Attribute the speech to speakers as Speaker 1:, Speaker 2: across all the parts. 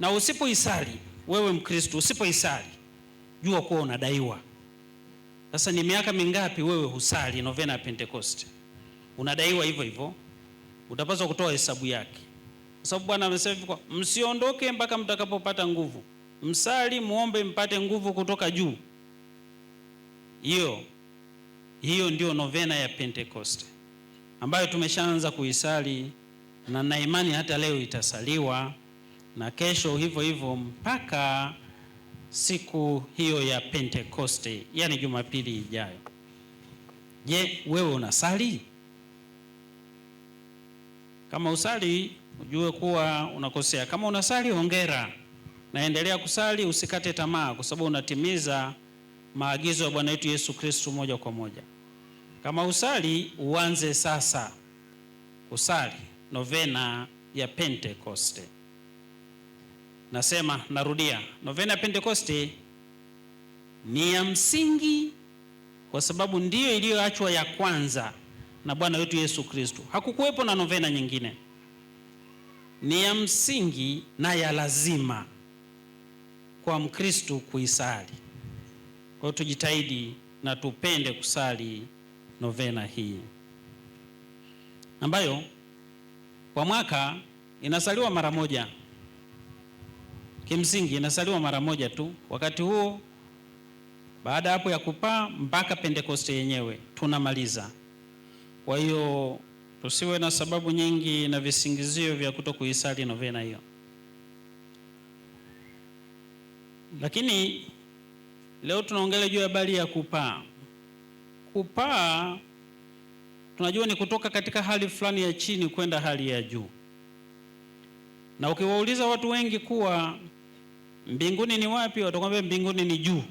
Speaker 1: na usipoisali wewe Mkristo, usipoisali jua kuwa unadaiwa. Sasa ni miaka mingapi wewe husali novena ya Pentekoste? Unadaiwa hivyo hivyo, utapaswa kutoa hesabu yake, kwa sababu Bwana amesema hivi, msiondoke mpaka mtakapopata nguvu. Msali muombe mpate nguvu kutoka juu. Hiyo hiyo ndio novena ya Pentekoste ambayo tumeshaanza kuisali na naimani hata leo itasaliwa na kesho hivyo hivyo mpaka siku hiyo ya Pentekoste, yani Jumapili ijayo. Je, wewe unasali? Kama usali ujue kuwa unakosea. Kama unasali hongera, naendelea kusali, usikate tamaa, kwa sababu unatimiza maagizo ya Bwana wetu Yesu Kristo moja kwa moja. Kama usali uanze sasa kusali novena ya Pentekoste. Nasema narudia, novena ya Pentekoste ni ya msingi kwa sababu ndiyo iliyoachwa ya kwanza na Bwana wetu Yesu Kristo. Hakukuwepo na novena nyingine, ni ya msingi na ya lazima kwa Mkristo kuisali. Kwa hiyo tujitahidi na tupende kusali novena hii ambayo kwa mwaka inasaliwa mara moja kimsingi inasaliwa mara moja tu wakati huo. Baada hapo ya kupaa mpaka Pentekoste yenyewe tunamaliza. Kwa hiyo tusiwe na sababu nyingi na visingizio vya kuto kuisali novena hiyo. Lakini leo tunaongelea juu ya habari ya kupaa. Kupaa tunajua ni kutoka katika hali fulani ya chini kwenda hali ya juu, na ukiwauliza watu wengi kuwa Mbinguni ni wapi? Watakwambia mbinguni ni juu,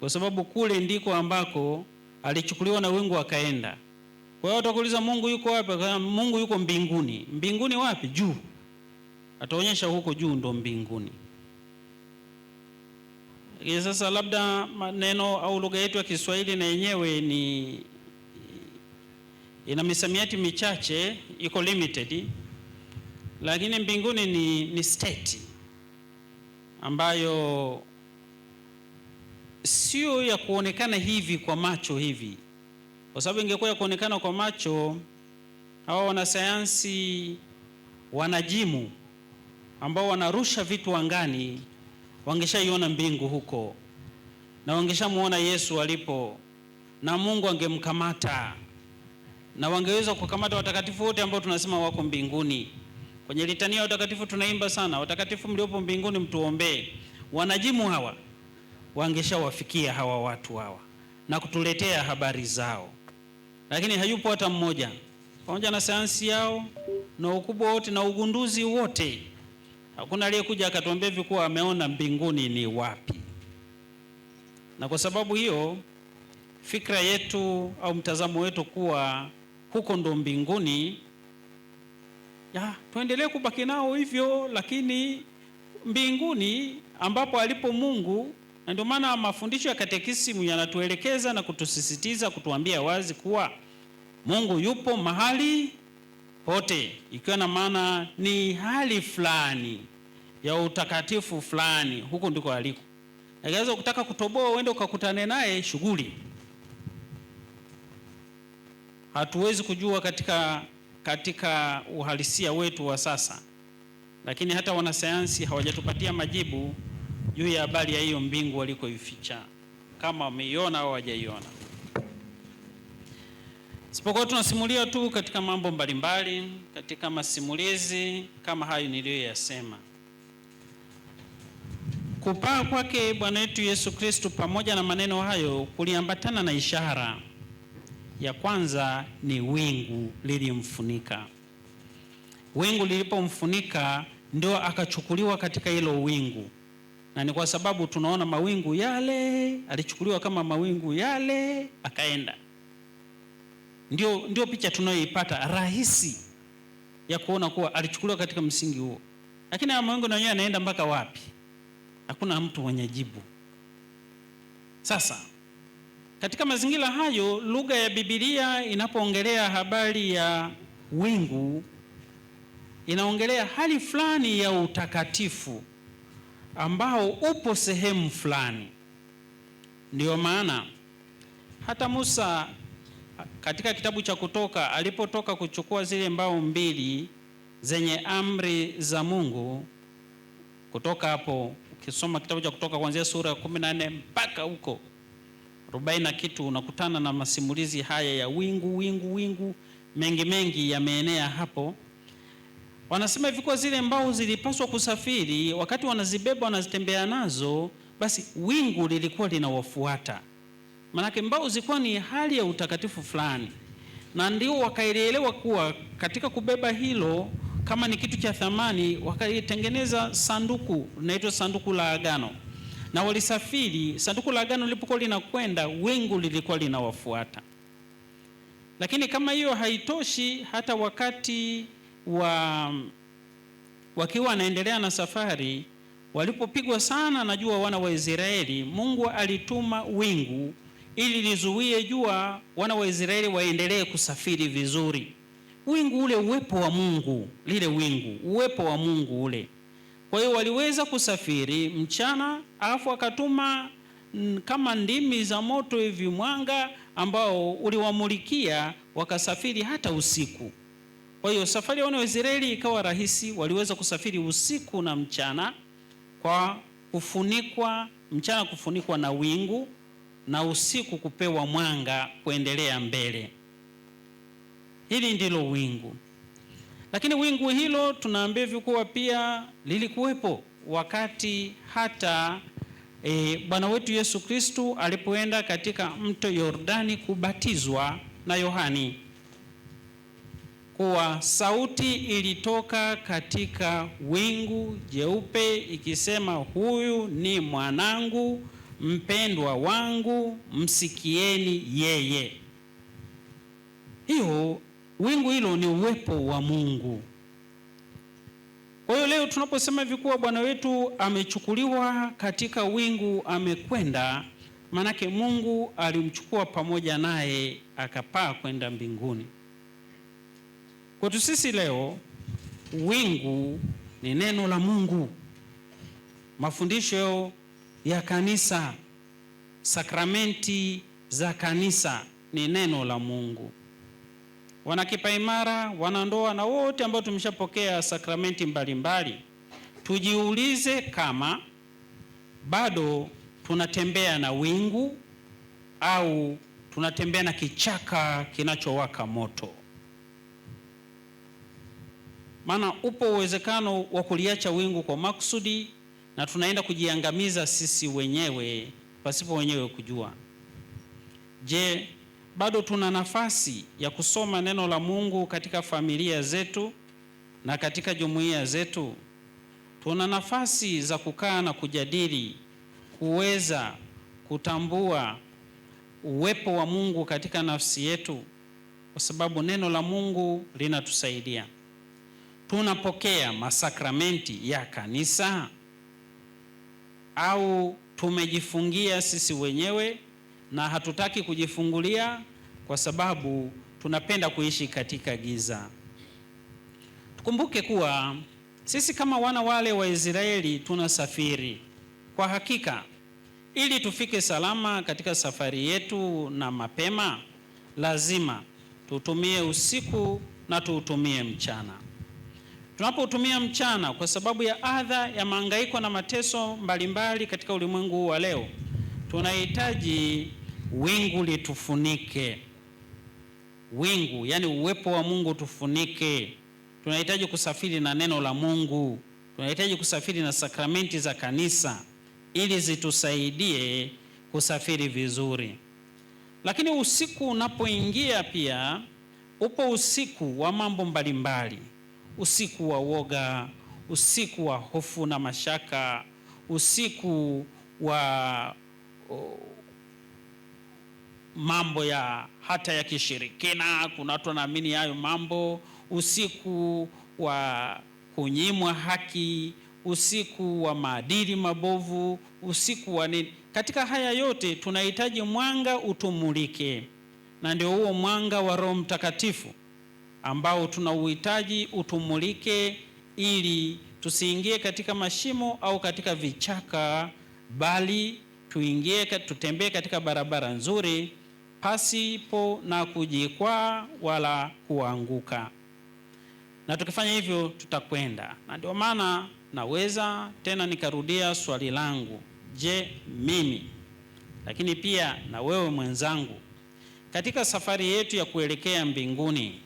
Speaker 1: kwa sababu kule ndiko ambako alichukuliwa na wingu akaenda. Kwa hiyo watakuuliza Mungu yuko wapi? Mungu yuko mbinguni. Mbinguni wapi? Juu. Ataonyesha huko juu ndo mbinguni. Sasa labda maneno au lugha yetu ya Kiswahili na yenyewe ni ina misamiati michache, iko limited, lakini mbinguni ni, ni state ambayo sio ya kuonekana hivi kwa macho hivi, kwa sababu ingekuwa ya kuonekana kwa macho, hawa wanasayansi wanajimu ambao wanarusha vitu angani wangeshaiona mbingu huko na wangeshamuona Yesu alipo na Mungu angemkamata na wangeweza kukamata watakatifu wote ambao tunasema wako mbinguni. Kwenye litania watakatifu tunaimba sana, watakatifu mliopo mbinguni mtuombee. Wanajimu hawa wangeshawafikia hawa watu hawa na kutuletea habari zao, lakini hayupo hata mmoja. Pamoja na sayansi yao na ukubwa wote na ugunduzi wote, hakuna aliyekuja akatuambia hivi kuwa ameona mbinguni ni wapi. Na kwa sababu hiyo fikra yetu au mtazamo wetu kuwa huko ndo mbinguni ya, tuendelee kubaki nao hivyo, lakini mbinguni ambapo alipo Mungu. Na ndio maana mafundisho ya katekisimu yanatuelekeza na kutusisitiza kutuambia wazi kuwa Mungu yupo mahali pote, ikiwa na maana ni hali fulani ya utakatifu fulani, huko ndiko aliko. Naweza kutaka kutoboa uende ukakutane naye shughuli, hatuwezi kujua katika katika uhalisia wetu wa sasa, lakini hata wanasayansi hawajatupatia majibu juu ya habari ya hiyo mbingu walikoificha, kama wameiona au hawajaiona, isipokuwa tunasimulia tu katika mambo mbalimbali, katika masimulizi kama hayo niliyoyasema. Kupaa kwake Bwana wetu Yesu Kristo, pamoja na maneno hayo, kuliambatana na ishara ya kwanza ni wingu lilimfunika. Wingu lilipomfunika ndio akachukuliwa katika hilo wingu, na ni kwa sababu tunaona mawingu yale, alichukuliwa kama mawingu yale akaenda. Ndio, ndio picha tunayoipata rahisi ya kuona kuwa alichukuliwa katika msingi huo, lakini haya mawingu yenyewe yanaenda mpaka wapi? Hakuna mtu mwenye jibu sasa katika mazingira hayo, lugha ya Biblia inapoongelea habari ya wingu inaongelea hali fulani ya utakatifu ambao upo sehemu fulani. Ndiyo maana hata Musa katika kitabu cha Kutoka alipotoka kuchukua zile mbao mbili zenye amri za Mungu, kutoka hapo ukisoma kitabu cha Kutoka kuanzia sura ya 14 mpaka huko arobaini na kitu, unakutana na masimulizi haya ya wingu wingu wingu, mengi mengi yameenea hapo. Wanasema hivi, kwa zile mbao zilipaswa kusafiri, wakati wanazibeba wanazitembea nazo, basi wingu lilikuwa linawafuata. Maanake mbao zilikuwa ni hali ya utakatifu fulani, na ndio wakaelewa kuwa katika kubeba hilo kama ni kitu cha thamani, wakaitengeneza sanduku, linaitwa sanduku la Agano na walisafiri. Sanduku la agano lilipokuwa linakwenda, wingu lilikuwa linawafuata. Lakini kama hiyo haitoshi, hata wakati wa wakiwa wanaendelea na safari, walipopigwa sana na jua wana wa Israeli, Mungu alituma wingu ili lizuie jua, wana wa Israeli waendelee kusafiri vizuri. Wingu ule, uwepo wa Mungu, lile wingu, uwepo wa Mungu ule kwa hiyo waliweza kusafiri mchana, alafu akatuma kama ndimi za moto hivi mwanga ambao uliwamulikia wakasafiri hata usiku. Kwa hiyo safari ya wana wa Israeli ikawa rahisi, waliweza kusafiri usiku na mchana kwa kufunikwa, mchana kufunikwa na wingu na usiku kupewa mwanga kuendelea mbele. Hili ndilo wingu. Lakini wingu hilo tunaambia kuwa pia lilikuwepo wakati hata e, Bwana wetu Yesu Kristu alipoenda katika mto Yordani kubatizwa na Yohani, kuwa sauti ilitoka katika wingu jeupe ikisema, huyu ni mwanangu mpendwa wangu, msikieni yeye. Hiyo wingu hilo ni uwepo wa Mungu. Kwa hiyo leo tunaposema hivi kuwa Bwana wetu amechukuliwa katika wingu, amekwenda, maanake Mungu alimchukua pamoja naye akapaa kwenda mbinguni. Kwetu sisi leo wingu ni neno la Mungu, mafundisho ya kanisa, sakramenti za kanisa ni neno la Mungu wanakipa imara, wanandoa na wote ambao tumeshapokea sakramenti mbalimbali mbali. Tujiulize kama bado tunatembea na wingu au tunatembea na kichaka kinachowaka moto. Maana upo uwezekano wa kuliacha wingu kwa makusudi na tunaenda kujiangamiza sisi wenyewe pasipo wenyewe kujua. Je, bado tuna nafasi ya kusoma neno la Mungu katika familia zetu na katika jumuiya zetu. Tuna nafasi za kukaa na kujadili, kuweza kutambua uwepo wa Mungu katika nafsi yetu, kwa sababu neno la Mungu linatusaidia. Tunapokea masakramenti ya kanisa au tumejifungia sisi wenyewe na hatutaki kujifungulia kwa sababu tunapenda kuishi katika giza. Tukumbuke kuwa sisi kama wana wale wa Israeli tunasafiri kwa hakika, ili tufike salama katika safari yetu na mapema, lazima tutumie usiku na tuutumie mchana. tunapotumia mchana, kwa sababu ya adha ya mahangaiko na mateso mbalimbali katika ulimwengu huu wa leo, tunahitaji wingu litufunike, wingu yani uwepo wa Mungu tufunike. Tunahitaji kusafiri na neno la Mungu, tunahitaji kusafiri na sakramenti za kanisa ili zitusaidie kusafiri vizuri. Lakini usiku unapoingia, pia upo usiku wa mambo mbalimbali, usiku wa woga, usiku wa hofu na mashaka, usiku wa mambo ya hata ya kishirikina. Kuna watu wanaamini hayo mambo, usiku wa kunyimwa haki, usiku wa maadili mabovu, usiku wa nini. Katika haya yote tunahitaji mwanga utumulike, na ndio huo mwanga wa Roho Mtakatifu ambao tunauhitaji utumulike, ili tusiingie katika mashimo au katika vichaka, bali tuingie tutembee katika barabara nzuri pasipo na kujikwaa wala kuanguka, na tukifanya hivyo tutakwenda. Na ndio maana naweza tena nikarudia swali langu, je, mimi lakini pia na wewe mwenzangu, katika safari yetu ya kuelekea mbinguni,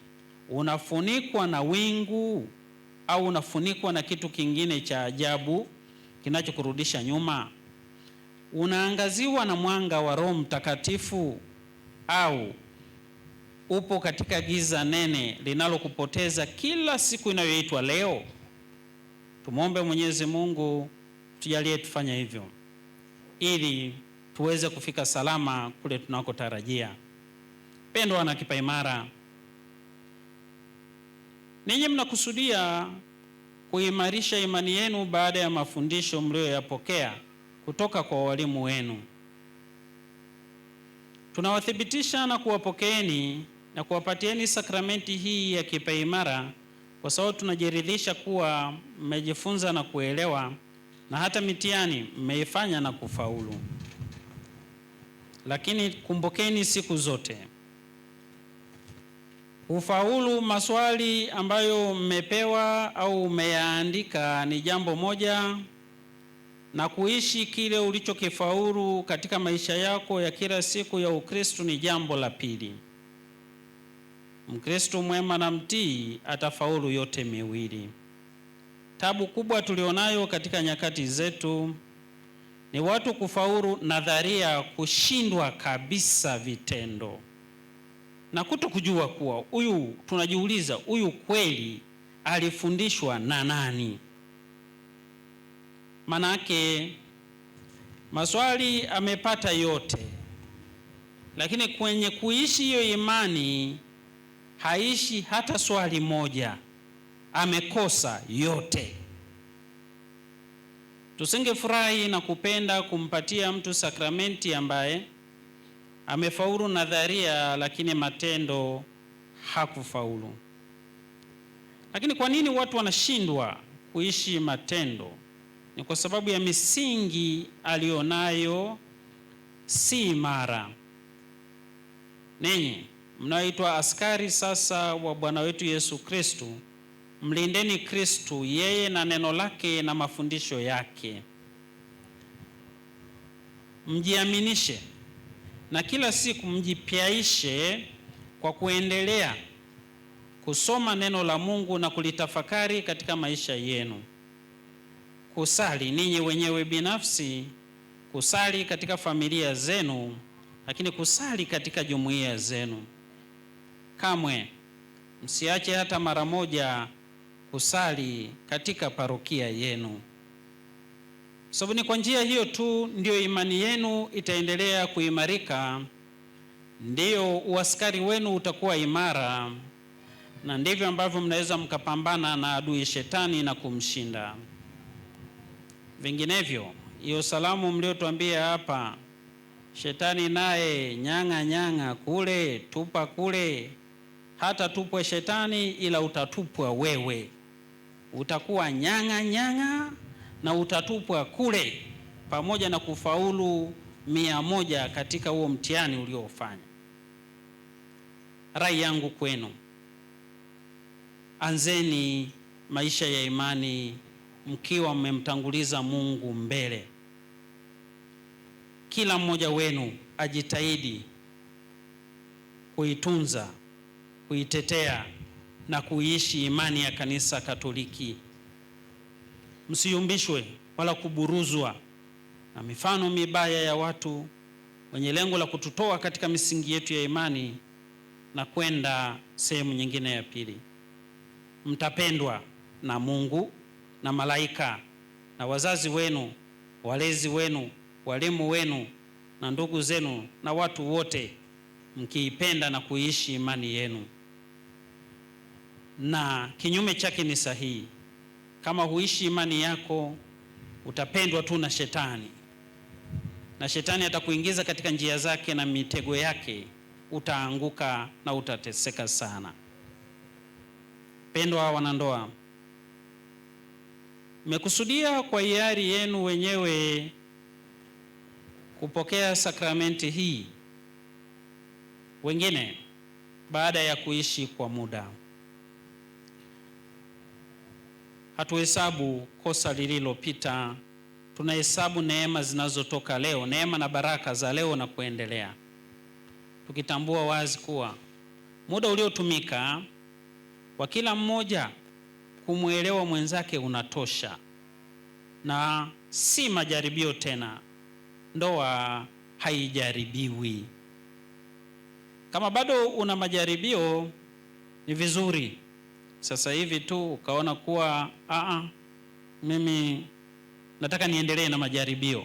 Speaker 1: unafunikwa na wingu au unafunikwa na kitu kingine cha ajabu kinachokurudisha nyuma? Unaangaziwa na mwanga wa Roho Mtakatifu au upo katika giza nene linalokupoteza kila siku inayoitwa leo? Tumwombe Mwenyezi Mungu tujalie tufanye hivyo ili tuweze kufika salama kule tunakotarajia. Pendwa wana Kipaimara, ninyi mnakusudia kuimarisha imani yenu baada ya mafundisho mliyoyapokea kutoka kwa walimu wenu. Tunawathibitisha na kuwapokeeni na kuwapatieni sakramenti hii ya kipaimara kwa sababu tunajiridhisha kuwa mmejifunza na kuelewa na hata mitihani mmeifanya na kufaulu. Lakini kumbukeni siku zote ufaulu maswali ambayo mmepewa au mmeyaandika ni jambo moja, na kuishi kile ulichokifaulu katika maisha yako ya kila siku ya Ukristo ni jambo la pili. Mkristo mwema na mtii atafaulu yote miwili. Tabu kubwa tulionayo katika nyakati zetu ni watu kufaulu nadharia, kushindwa kabisa vitendo na kuto kujua kuwa huyu, tunajiuliza huyu kweli alifundishwa na nani? Manake maswali amepata yote, lakini kwenye kuishi hiyo imani haishi hata swali moja, amekosa yote. Tusingefurahi na kupenda kumpatia mtu sakramenti ambaye amefaulu nadharia, lakini matendo hakufaulu. Lakini kwa nini watu wanashindwa kuishi matendo? ni kwa sababu ya misingi aliyonayo si imara. Ninyi mnaoitwa askari sasa wa Bwana wetu Yesu Kristu, mlindeni Kristu, yeye na neno lake na mafundisho yake, mjiaminishe na kila siku mjipyaishe kwa kuendelea kusoma neno la Mungu na kulitafakari katika maisha yenu kusali ninyi wenyewe binafsi, kusali katika familia zenu, lakini kusali katika jumuiya zenu. Kamwe msiache hata mara moja kusali katika parokia yenu, sababu ni kwa njia hiyo tu ndiyo imani yenu itaendelea kuimarika, ndiyo uaskari wenu utakuwa imara, na ndivyo ambavyo mnaweza mkapambana na adui shetani na kumshinda. Vinginevyo hiyo salamu mliotuambia hapa, shetani naye nyang'a nyang'a kule, tupa kule, hata tupwe shetani, ila utatupwa wewe, utakuwa nyang'a nyang'a na utatupwa kule, pamoja na kufaulu mia moja katika huo mtihani uliofanya. Rai yangu kwenu, anzeni maisha ya imani mkiwa mmemtanguliza Mungu mbele. Kila mmoja wenu ajitahidi kuitunza, kuitetea na kuiishi imani ya Kanisa Katoliki. Msiyumbishwe wala kuburuzwa na mifano mibaya ya watu wenye lengo la kututoa katika misingi yetu ya imani na kwenda sehemu nyingine ya pili. Mtapendwa na Mungu na malaika na wazazi wenu, walezi wenu, walimu wenu na ndugu zenu na watu wote, mkiipenda na kuishi imani yenu. Na kinyume chake ni sahihi. Kama huishi imani yako, utapendwa tu na shetani, na shetani atakuingiza katika njia zake na mitego yake, utaanguka na utateseka sana. Pendwa wanandoa Mmekusudia kwa hiari yenu wenyewe kupokea sakramenti hii, wengine baada ya kuishi kwa muda. Hatuhesabu kosa lililopita, tunahesabu neema zinazotoka leo, neema na baraka za leo na kuendelea, tukitambua wazi kuwa muda uliotumika wa kila mmoja kumwelewa mwenzake unatosha, na si majaribio tena. Ndoa haijaribiwi. Kama bado una majaribio, ni vizuri sasa hivi tu ukaona kuwa aa, mimi nataka niendelee na majaribio,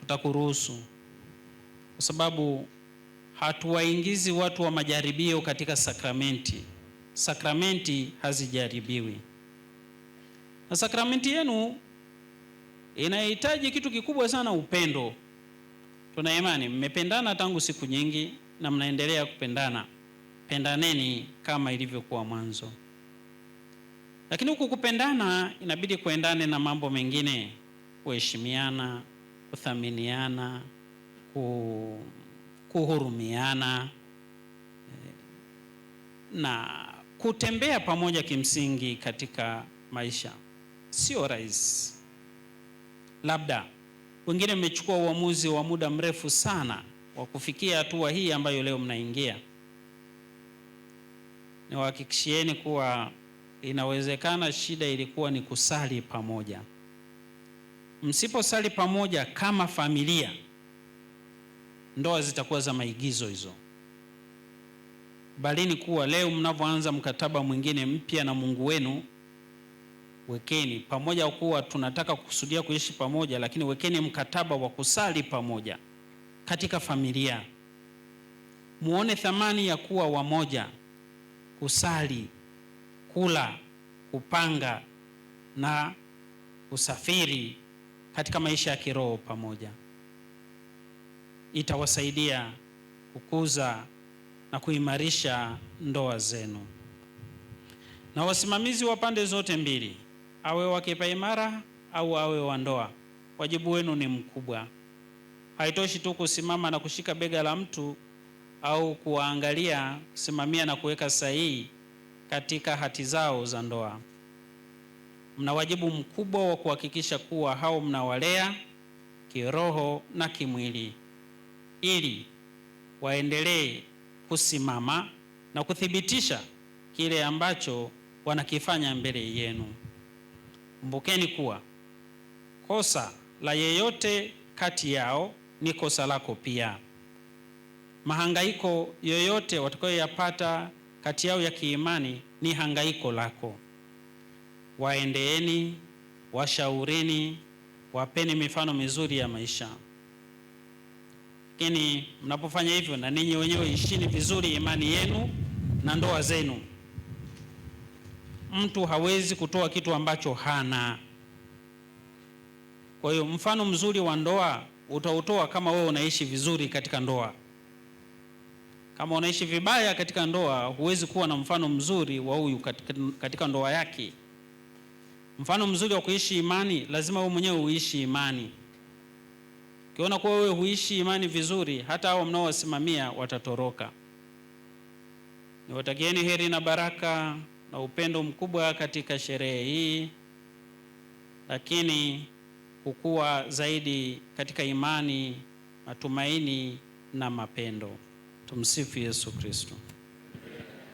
Speaker 1: tutakuruhusu kwa sababu hatuwaingizi watu wa majaribio katika sakramenti. Sakramenti hazijaribiwi. Na sakramenti yenu inahitaji kitu kikubwa sana, upendo. Tuna imani mmependana tangu siku nyingi na mnaendelea kupendana. Pendaneni kama ilivyokuwa mwanzo. Lakini huku kupendana inabidi kuendane na mambo mengine, kuheshimiana, kuthaminiana, kuhurumiana na kutembea pamoja kimsingi katika maisha sio rahisi. Labda wengine mmechukua uamuzi wa muda mrefu sana wa kufikia hatua hii ambayo leo mnaingia. Niwahakikishieni kuwa inawezekana. Shida ilikuwa ni kusali pamoja. Msiposali pamoja kama familia, ndoa zitakuwa za maigizo hizo. Balini kuwa leo mnavyoanza mkataba mwingine mpya na Mungu wenu wekeni pamoja, kuwa tunataka kukusudia kuishi pamoja, lakini wekeni mkataba wa kusali pamoja katika familia. Muone thamani ya kuwa wamoja, kusali, kula, kupanga na usafiri katika maisha ya kiroho pamoja. Itawasaidia kukuza na kuimarisha ndoa zenu. Na wasimamizi wa pande zote mbili awe wa kipaimara au awe wa ndoa, wajibu wenu ni mkubwa. Haitoshi tu kusimama na kushika bega la mtu au kuwaangalia, kusimamia na kuweka sahihi katika hati zao za ndoa. Mna wajibu mkubwa wa kuhakikisha kuwa hao mnawalea kiroho na kimwili, ili waendelee kusimama na kuthibitisha kile ambacho wanakifanya mbele yenu. Kumbukeni kuwa kosa la yeyote kati yao ni kosa lako pia. Mahangaiko yoyote watakayoyapata kati yao ya kiimani ni hangaiko lako. Waendeeni, washaurini, wapeni mifano mizuri ya maisha. Lakini mnapofanya hivyo, na ninyi wenyewe ishini vizuri imani yenu na ndoa zenu mtu hawezi kutoa kitu ambacho hana. Kwa hiyo mfano mzuri wa ndoa utautoa kama wewe unaishi vizuri katika ndoa. Kama unaishi vibaya katika ndoa, huwezi kuwa na mfano mzuri wa huyu katika ndoa yake. Mfano mzuri wa kuishi imani, lazima wewe mwenyewe uishi imani. Ukiona kuwa wewe huishi imani vizuri, hata hao mnaowasimamia watatoroka. Niwatakieni heri na baraka na upendo mkubwa katika sherehe hii, lakini kukua zaidi katika imani, matumaini na mapendo. Tumsifu Yesu Kristo.